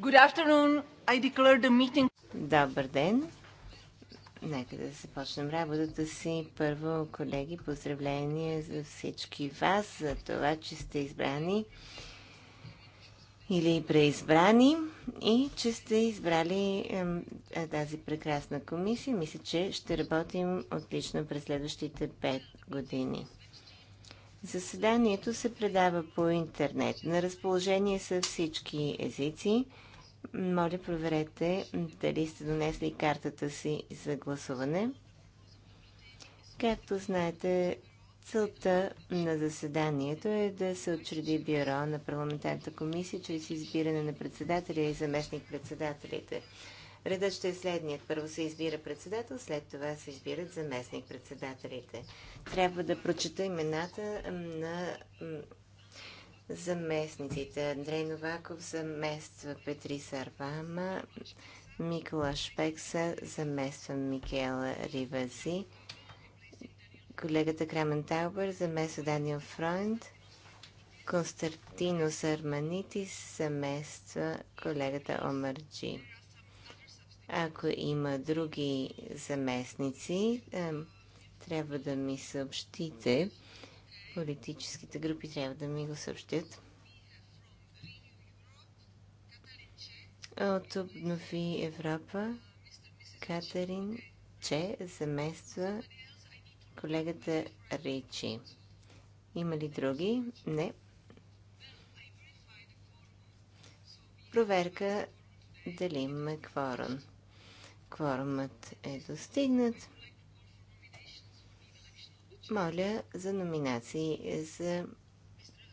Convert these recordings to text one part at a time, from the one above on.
Good afternoon. I declare the meeting. Добър ден. Нека да започнем работата си. Първо, колеги, поздравления за всички вас, за това, че сте избрани или преизбрани и че сте избрали е, тази прекрасна комисия. Мисля, че ще работим отлично през следващите 5 години. Заседанието се предава по интернет. На разположение са всички езици. Моля, проверете дали сте донесли картата си за гласуване. Както знаете, целта на заседанието е да се отчреди бюро на парламентарната комисия чрез избиране на председателя и заместник-председателите. Редът ще е следният. Първо се избира председател, след това се избират заместник-председателите. Трябва да прочета имената на заместниците. Андрей Новаков замества Петри Сарвама, Микола Шпекса замества Микела Ривази, колегата Крамен Таубър замества Даниел Фройнд, Константино Сарманитис замества колегата Омарджи. Ако има други заместници, трябва да ми съобщите Политическите групи трябва да ми го съобщят. От Обнови Европа Катерин Че замества колегата Ричи. Има ли други? Не. Проверка дали има кворум. Кворумът е достигнат. Моля за номинации за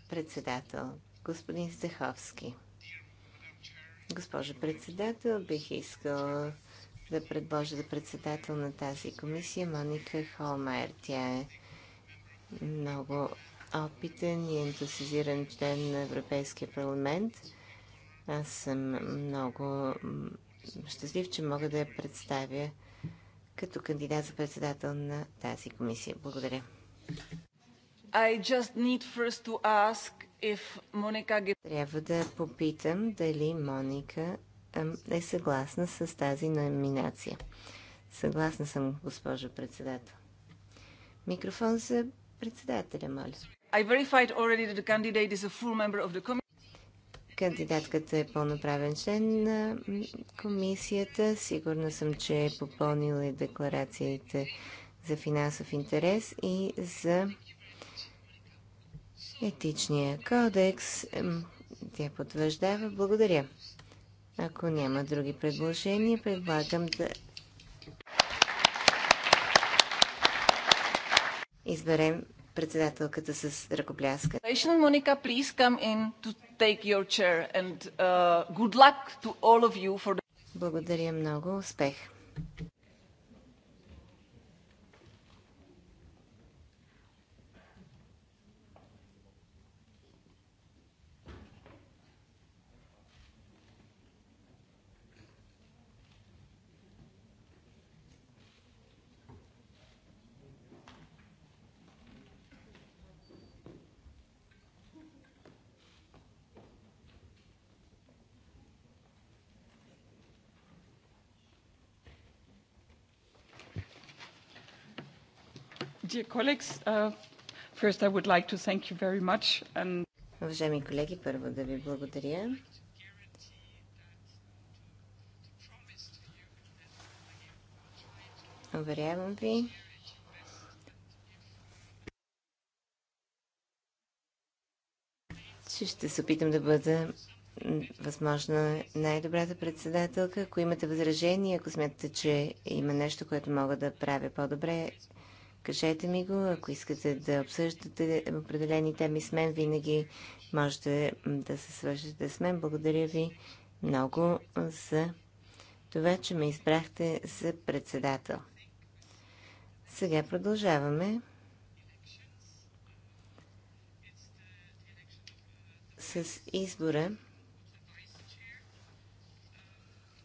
председател. Господин Стеховски. Госпожа председател, бих искал да предложа за председател на тази комисия Моника Холмайер. Тя е много опитен и ентусизиран член на Европейския парламент. Аз съм много щастлив, че мога да я представя като кандидат за председател на тази комисия. Благодаря. Трябва да попитам дали Моника е съгласна с тази номинация. Съгласна съм, госпожо председател. Микрофон за председателя, моля. I verified already that the candidate is a full member of the Кандидатката е пълноправен член на комисията. Сигурна съм, че е попълнила и декларациите за финансов интерес и за етичния кодекс. Тя потвърждава. Благодаря. Ако няма други предложения, предлагам да изберем председателката с ръкопляска. Моника, please come in to take your chair and uh, good luck to all of you for the... Благодаря много. Успех! Dear colleagues, uh, first I would like to thank you very much and Уважаеми колеги, първо да ви благодаря. Уверявам ви, че ще се опитам да бъда възможно най-добрата председателка. Ако имате възражение, ако смятате, че има нещо, което мога да правя по-добре, Кажете ми го, ако искате да обсъждате определени теми с мен, винаги можете да се свържете с мен. Благодаря ви много за това, че ме избрахте за председател. Сега продължаваме с избора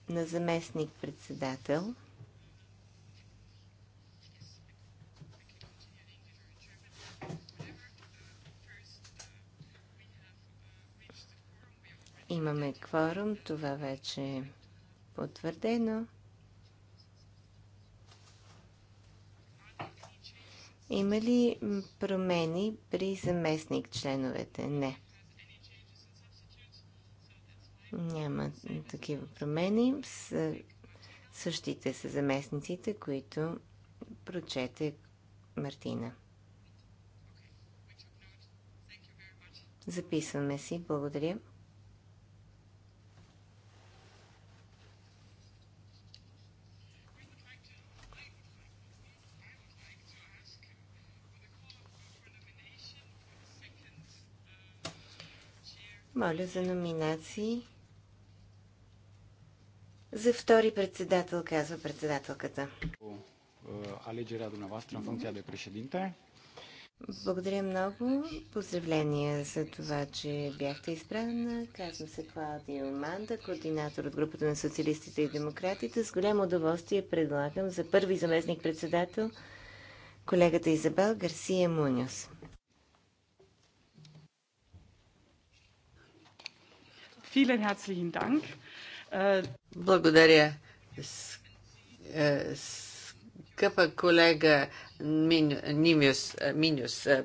на заместник председател – Имаме кворум, това вече е потвърдено. Има ли промени при заместник членовете? Не. Няма такива промени. Същите са заместниците, които прочете Мартина. Записваме си. Благодаря. Моля за номинации. За втори председател, казва председателката. Е, Алегерea dumneavoastră în funcția да președinte. Благодаря много. Поздравления за това, че бяхте изправена. Казвам се Клаудия Оманда, координатор от групата на социалистите и демократите. С голямо удоволствие предлагам за първи заместник председател колегата Изабел Гарсия Муньос. Äh, Благодаря, е, скъпа колега Минюс. Е, Минюс е,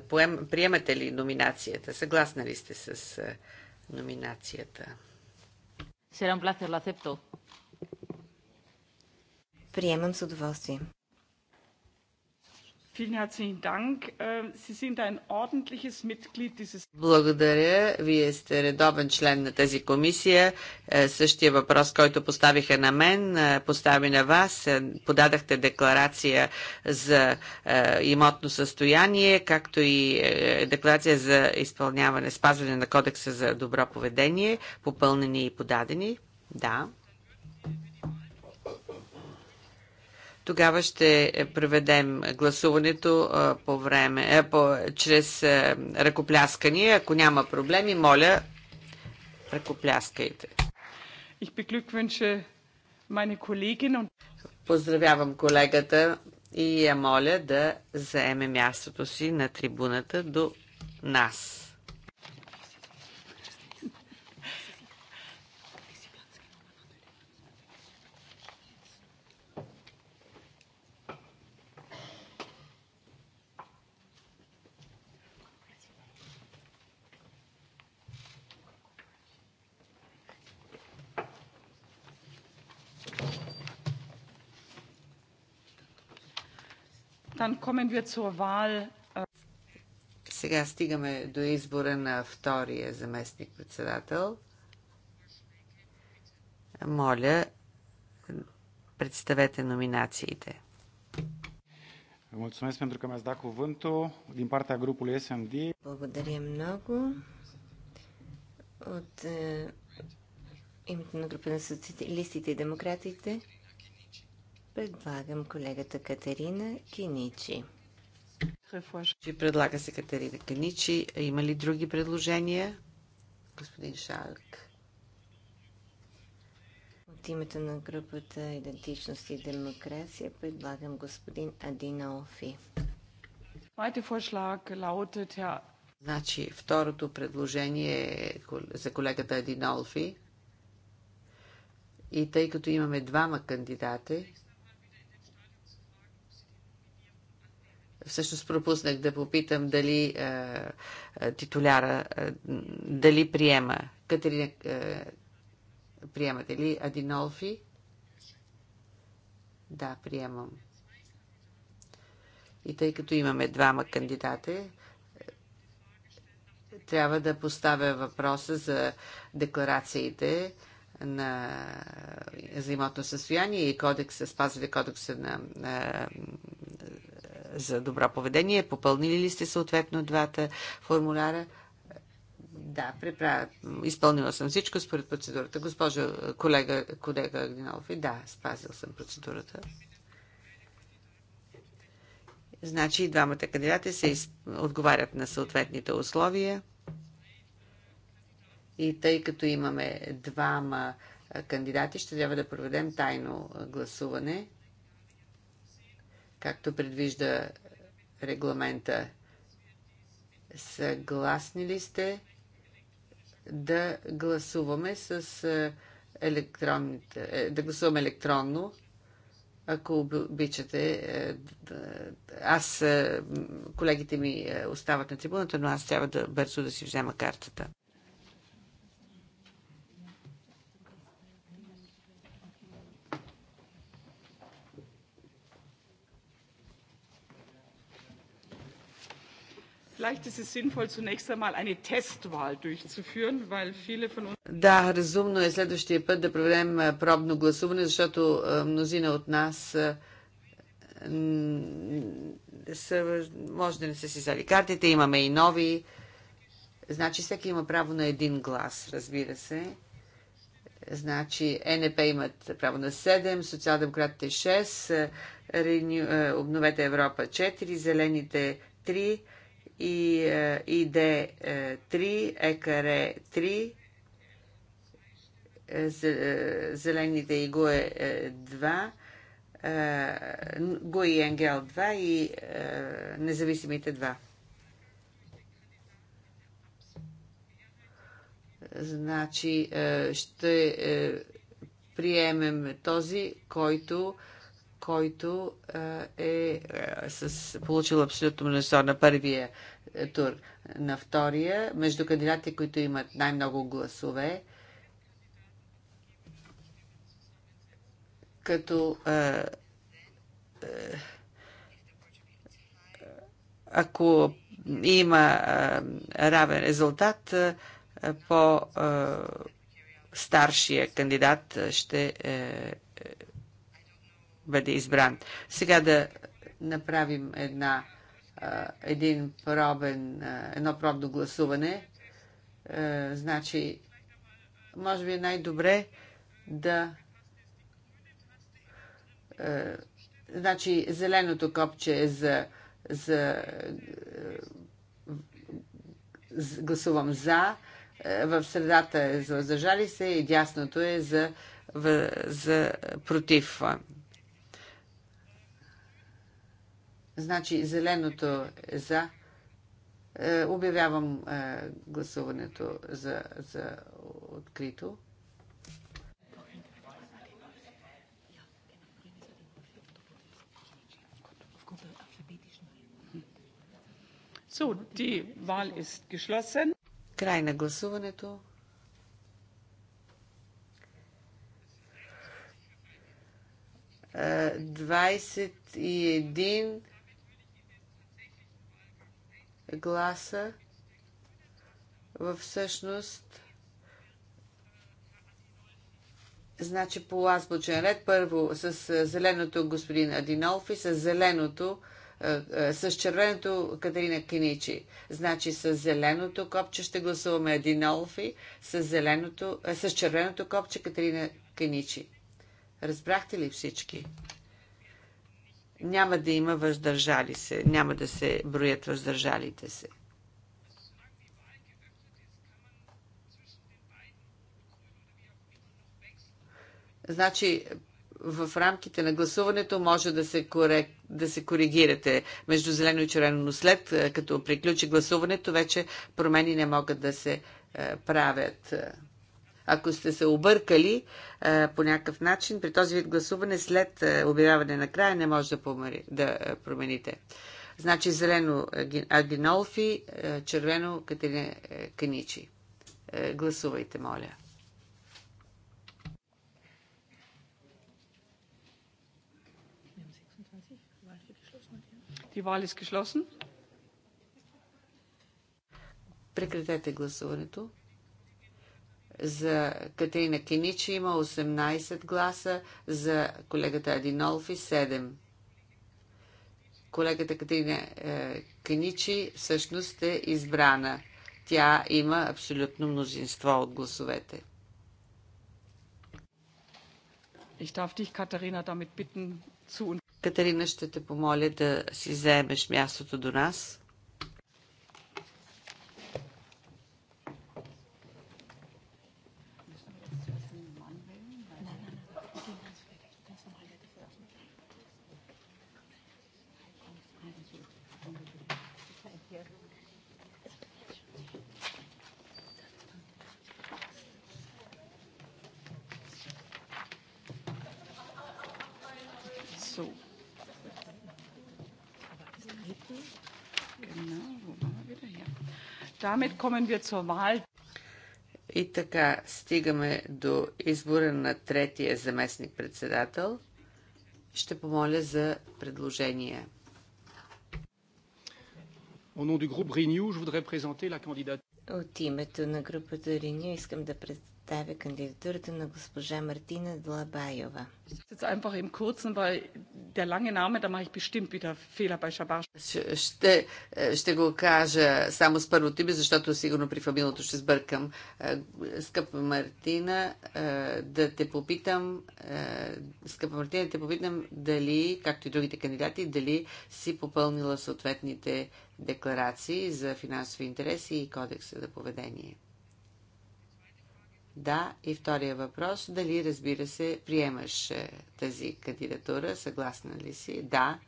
приемате ли номинацията? Съгласна ли сте с номинацията? Será un placer, lo acepto. Приемам с удоволствие. Äh, Благодаря. Вие сте редовен член на тази комисия. Е, същия въпрос, който поставиха на мен, е, постави на вас. Е, подадахте декларация за имотно състояние, както и декларация за изпълняване, спазване на кодекса за добро поведение, попълнени и подадени. Да. Тогава ще преведем гласуването по време, по, чрез ръкопляскания. Ако няма проблеми, моля, ръкопляскайте. Ich beglückwünsche meine Kollegin und Поздравявам колегата и я моля да заеме мястото си на трибуната до нас. Äh Сега стигаме до избора на втория заместник-председател. Моля, представете номинациите. Благодаря много. От е, името на група на социалистите и демократите предлагам колегата Катерина Киничи. Предлага се Катерина Киничи. Има ли други предложения? Господин Шарк. От името на групата Идентичност и демокрация предлагам господин Адина Офи. Значи, второто предложение е за колегата Адинолфи. И тъй като имаме двама кандидати, всъщност пропуснах да попитам дали е, е, титуляра, е, дали приема. Катерина, е, приемате ли Адинолфи? Да, приемам. И тъй като имаме двама кандидати, трябва да поставя въпроса за декларациите на взаимотно състояние и кодекса, спазвали кодекса на, на за добро поведение. Попълнили ли сте съответно двата формуляра? Да, преправя. изпълнила съм всичко според процедурата. Госпожо колега, колега Агдинов, и да, спазил съм процедурата. Значи и двамата кандидати се из... отговарят на съответните условия. И тъй като имаме двама кандидати, ще трябва да проведем тайно гласуване както предвижда регламента. Съгласни ли сте да гласуваме с е, електронните, да гласуваме електронно, ако обичате. Е, аз, е, колегите ми остават на трибуната, но аз трябва да бързо да си взема картата. Vielleicht ist es sinnvoll, zunächst einmal eine Testwahl durchzuführen, weil viele von uns... Да, разумно е следващия път да проведем пробно гласуване, защото мнозина от нас са, може да не са си взели картите, имаме и нови. Значи всеки има право на един глас, разбира се. Значи НП имат право на 7, социал-демократите 6, Обновете Европа 4, Зелените 3, и е, ИД3, е, ЕКР3, е, зелените и ГУЕ 2, ГУЕ и Енгел 2 и независимите 2. Значи ще приемем този, който който е с, получил абсолютно мнозинство на първия е, тур. На втория, между кандидатите, които имат най-много гласове, като е, е, ако има е, равен резултат, е, по е, старшия кандидат ще е, бъде избран. Сега да направим една, един пробен, едно пробно гласуване. Значи, може би е най-добре да значи зеленото копче е за, за, гласувам за, в средата е за въздържали се и дясното е за, за против. Значи зеленото е за. Е, обявявам е, гласуването за, за открито. So, die Wahl ist geschlossen. Край на гласуването. Е, Двадесет и един гласа всъщност значи по азбучен ред първо с зеленото господин Адинолфи, с зеленото с червеното Катерина Киничи. Значи с зеленото копче ще гласуваме Адинолфи, с, зеленото, с червеното копче Катерина Киничи. Разбрахте ли всички? няма да има въздържали се, няма да се броят въздържалите се. Значи, в рамките на гласуването може да се, корек, да се коригирате между зелено и червено, но след е, като приключи гласуването, вече промени не могат да се е, правят ако сте се объркали е, по някакъв начин, при този вид гласуване след е, обявяване на края не може да, помари, да е, промените. Значи зелено Агинолфи, червено Катерина Каничи. Гласувайте, моля. Прекратете гласуването. За Катерина Кеничи има 18 гласа, за колегата Адинолфи 7. Колегата Катерина е, Кеничи всъщност е избрана. Тя има абсолютно мнозинство от гласовете. Ich darf dich, Katharina, damit bitten, zu... Катерина, ще те помоля да си вземеш мястото до нас. И така стигаме до избора на третия заместник-председател. Ще помоля за предложения. От името на групата Renew искам да представя кандидатурата на госпожа Мартина Длабаева der lange Name, da mache ich bestimmt wieder Fehler bei Shabar. Ще, е, ще го кажа само с първото име, защото сигурно при фамилното ще сбъркам. Е, скъпа Мартина, е, да те попитам, скъпа Мартина, да те попитам дали, както и другите кандидати, дали си попълнила съответните декларации за финансови интереси и кодекса за поведение. Да. И втория въпрос. Дали, разбира се, приемаш е, тази кандидатура? Съгласна ли си? Да.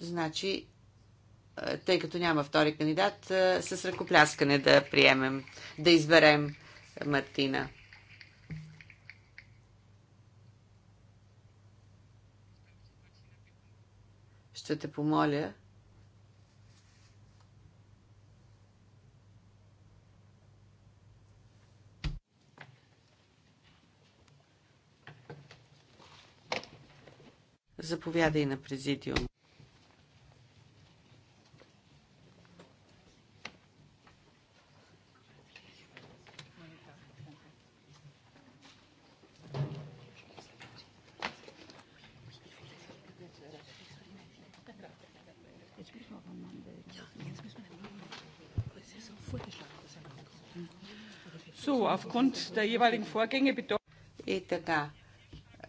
Значи, е, тъй като няма втори кандидат, е, с ръкопляскане да приемем, да изберем Мартина. Ще те помоля Заповядай на президиум. И така,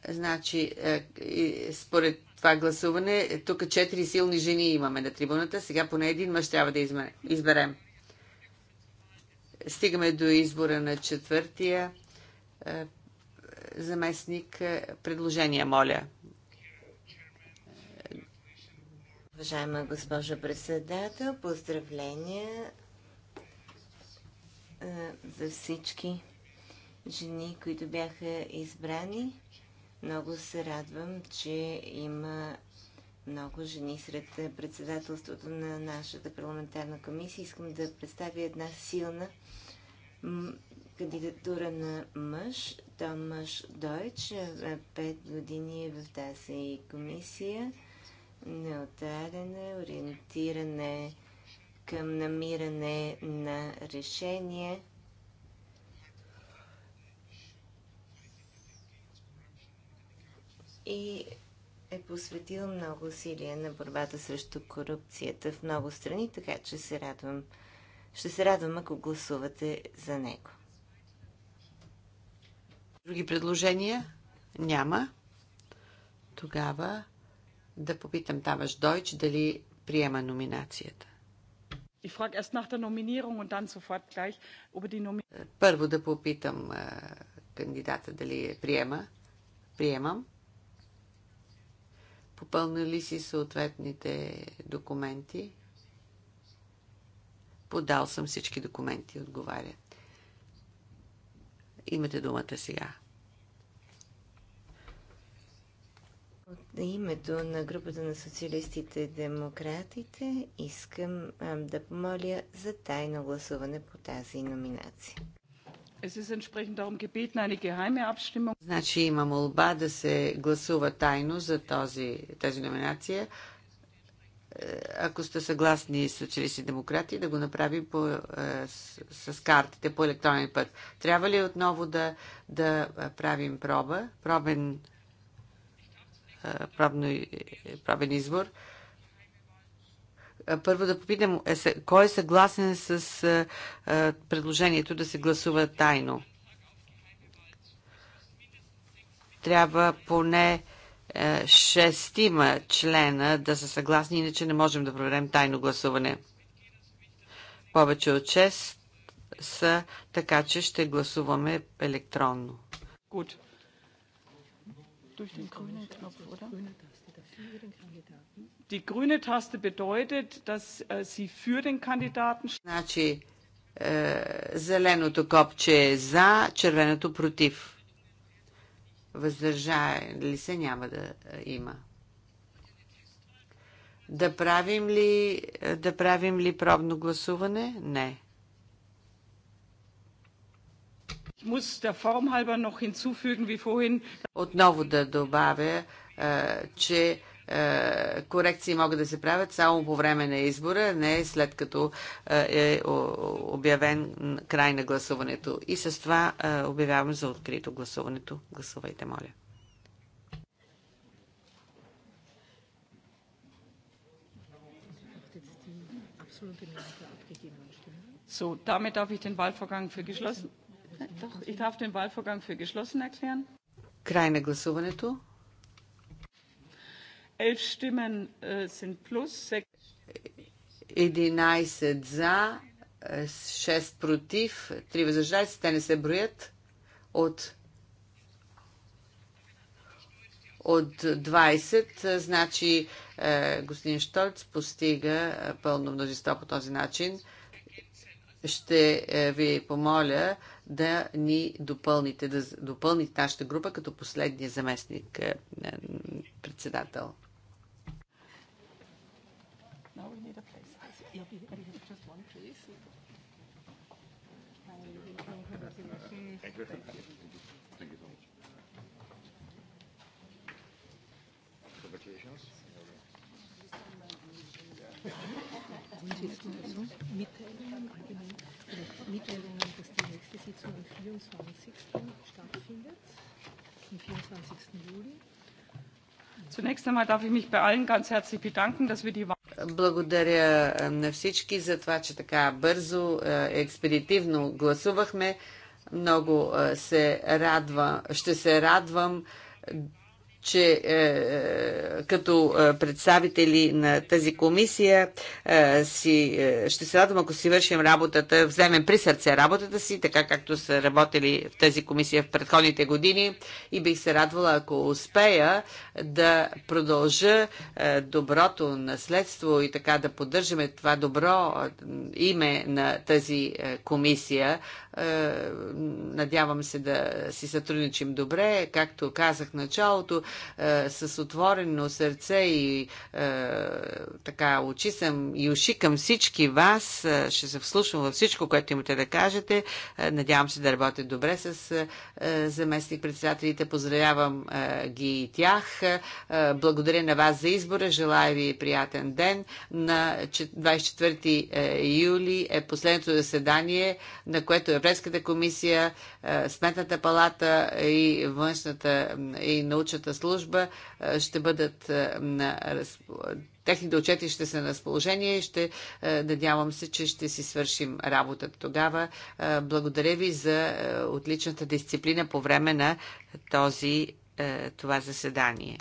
значи е, и според това гласуване, тук четири силни жени имаме на трибуната, сега поне един мъж трябва да изберем. Стигаме до избора на четвъртия е, заместник. Е, предложения, моля. Уважаема госпожа председател, поздравления е, за всички жени, които бяха избрани. Много се радвам, че има много жени сред председателството на нашата парламентарна комисия. Искам да представя една силна кандидатура на мъж, Томаш Дойч. Е, пет години е в тази комисия. Неотарен е, ориентиран е към намиране на решения. и е посветил много усилия на борбата срещу корупцията в много страни, така че се радвам, ще се радвам, ако гласувате за него. Други предложения? Няма. Тогава да попитам Таваш Дойч дали приема номинацията. Първо да попитам кандидата дали приема. Приемам попълнали си съответните документи. Подал съм всички документи, отговаря. Имате думата сега. От името на групата на социалистите и демократите искам а, да помоля за тайно гласуване по тази номинация. Значи има молба да се гласува тайно за този, тази номинация. Е, ако сте съгласни социалисти и демократи, да го направим по, е, с, с картите по електронен път. Трябва ли отново да, да правим проба, пробен, е, пробно, пробен избор? първо да попитам, е кой е съгласен с предложението да се гласува тайно? Трябва поне е, шестима члена да са съгласни, иначе не можем да проверим тайно гласуване. Повече от шест са, така че ще гласуваме електронно. Good durch den grünen Knopf, oder? Die grüne Taste bedeutet, dass äh, Sie für den Kandidaten Значи, зеленото копче е за, червеното против. Въздържали се няма да има. Да правим ли, да правим ли пробно гласуване? Не. Отново да добавя, че корекции могат да се правят само по време на избора, не след като е обявен край на гласуването. И с това обявявам за открито гласуването. Гласувайте, моля. So, damit darf ich den Wahlvorgang für geschlossen. Край на гласуването. 11 äh, за, 6 э, против, 3 въздържали се, те не се броят от от 20, э, значи э, господин Штольц постига пълно множество по този начин. Ще ви помоля да ни допълните, да допълните нашата група като последния заместник е, е, председател. Mitteilungen, Argumente, Mitteilungen nächste Sitzung am 24. stattfindet, am 24. Juli. Zunächst einmal darf ich mich bei allen ganz herzlich bedanken, dass wir die Wahl. Благодаря на всички за това, че така бързо, експедитивно гласувахме. Много се радва, ще се радвам че е, е като е, представители на тази комисия е, си, е, ще се радвам, ако си вършим работата, вземем при сърце работата си, така както са работили в тази комисия в предходните години и бих се радвала, ако успея да продължа е, доброто наследство и така да поддържаме това добро е, име на тази комисия. Е, надявам се да си сътрудничим добре, както казах началото е, с отворено сърце и е, така очи съм и уши към всички вас. Е, ще се вслушвам във всичко, което имате да кажете. Е, надявам се да работя добре с е, е заместник-председателите. Поздравявам е, ги и тях. Е, е, благодаря на вас за избора. Желая ви приятен ден. На 24 е, юли е последното заседание, на което Европейската комисия, Сметната палата и външната и научната служба ще бъдат на техните отчети ще са на разположение и ще надявам се, че ще си свършим работата тогава. Благодаря ви за отличната дисциплина по време на този, това заседание.